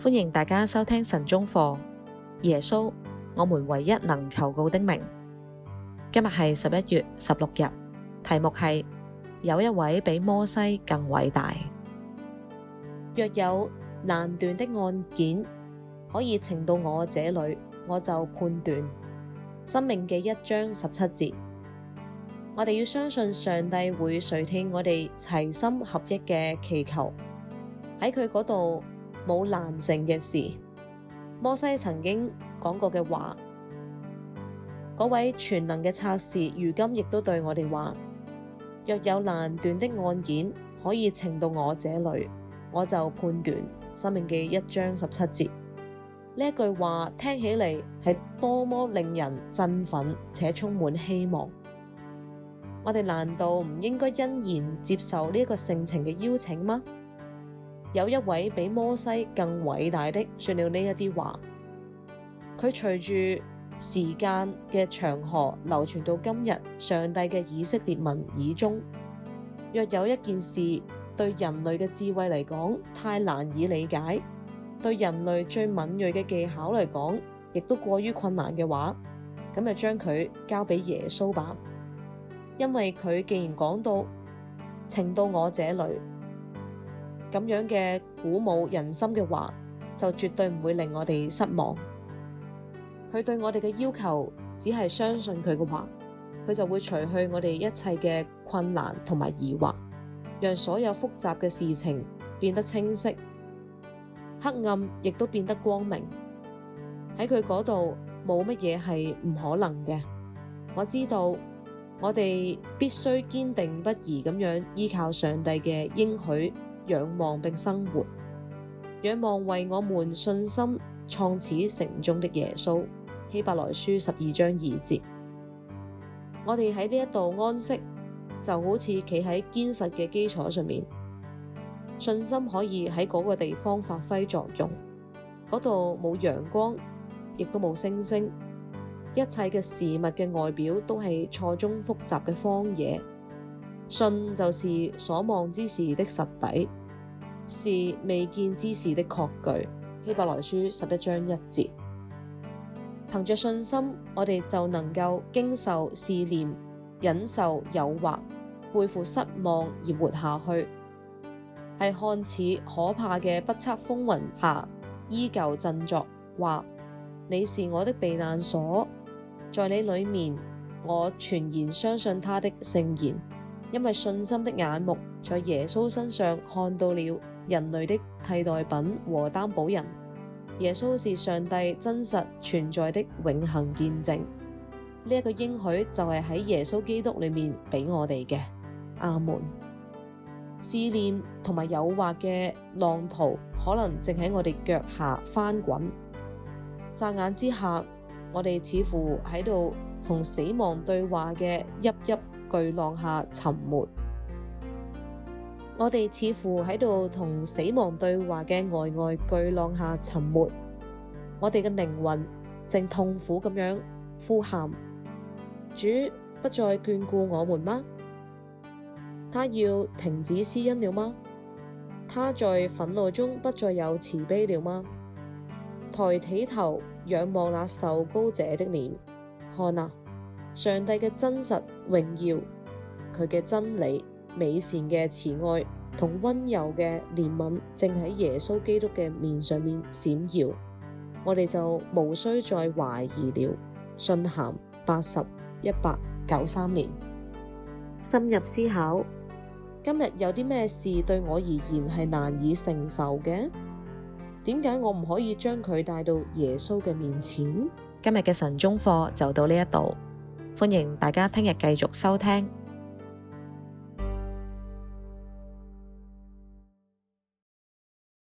歡迎大家收聽神中課。耶穌，我們唯一能求告的名。今日係十一月十六日，題目係有一位比摩西更偉大。若有難斷的案件，可以呈到我這裏，我就判斷。申命記一章十七節，我哋要相信上帝會垂聽我哋齊心合一嘅祈求喺佢嗰度。在冇難成嘅事。摩西曾經講過嘅話，嗰位全能嘅策士，如今亦都對我哋話：若有難斷的案件，可以呈到我這裏，我就判斷。《申命記》一章十七節呢一句話聽起嚟係多麼令人振奮且充滿希望。我哋難道唔應該欣然接受呢個盛情嘅邀請嗎？有一位比摩西更偉大的，說了呢一啲話。佢隨住時間嘅長河流傳到今日，上帝嘅以色列民耳中。若有一件事對人類嘅智慧嚟講太難以理解，對人類最敏銳嘅技巧嚟講亦都過於困難嘅話，咁就將佢交俾耶穌吧。因為佢既然講到，請到我這裏。咁樣嘅鼓舞人心嘅話，就絕對唔會令我哋失望。佢對我哋嘅要求只係相信佢嘅話，佢就會除去我哋一切嘅困難同埋疑惑，讓所有複雜嘅事情變得清晰，黑暗亦都變得光明。喺佢嗰度，冇乜嘢係唔可能嘅。我知道，我哋必須堅定不移咁樣依靠上帝嘅應許。仰望並生活，仰望為我們信心創始成終的耶穌，希伯來書十二章二節。我哋喺呢一度安息，就好似企喺堅實嘅基礎上面，信心可以喺嗰個地方發揮作用。嗰度冇陽光，亦都冇星星，一切嘅事物嘅外表都係錯綜複雜嘅荒野。信就是所望之事的實底，是未見之事的確據。希伯來書十一章一節，憑着信心，我哋就能夠經受試煉、忍受誘惑、背負失望而活下去，係看似可怕嘅不測風雲下，依舊振作，話你是我的避難所，在你裏面，我全然相信他的聖言，因為信心的眼目在耶穌身上看到了。人類的替代品和擔保人，耶穌是上帝真實存在的永恒見證。呢、這、一個應許就係喺耶穌基督裏面俾我哋嘅。阿門。試煉同埋誘惑嘅浪濤，可能正喺我哋腳下翻滾。眨眼之下，我哋似乎喺度同死亡對話嘅一一巨浪下沉沒。我哋似乎喺度同死亡對話嘅呆呆巨浪下沉沒，我哋嘅靈魂正痛苦咁樣呼喊：主不再眷顧我們嗎？他要停止施恩了嗎？他在憤怒中不再有慈悲了嗎？抬起頭仰望那受膏者的臉，看啊，上帝嘅真實榮耀，佢嘅真理。美善嘅慈愛同溫柔嘅憐憫正喺耶穌基督嘅面上面閃耀，我哋就無需再懷疑了。信函八十，一百九三年。深入思考，今日有啲咩事對我而言係難以承受嘅？點解我唔可以將佢帶到耶穌嘅面前？今日嘅神宗課就到呢一度，歡迎大家聽日繼續收聽。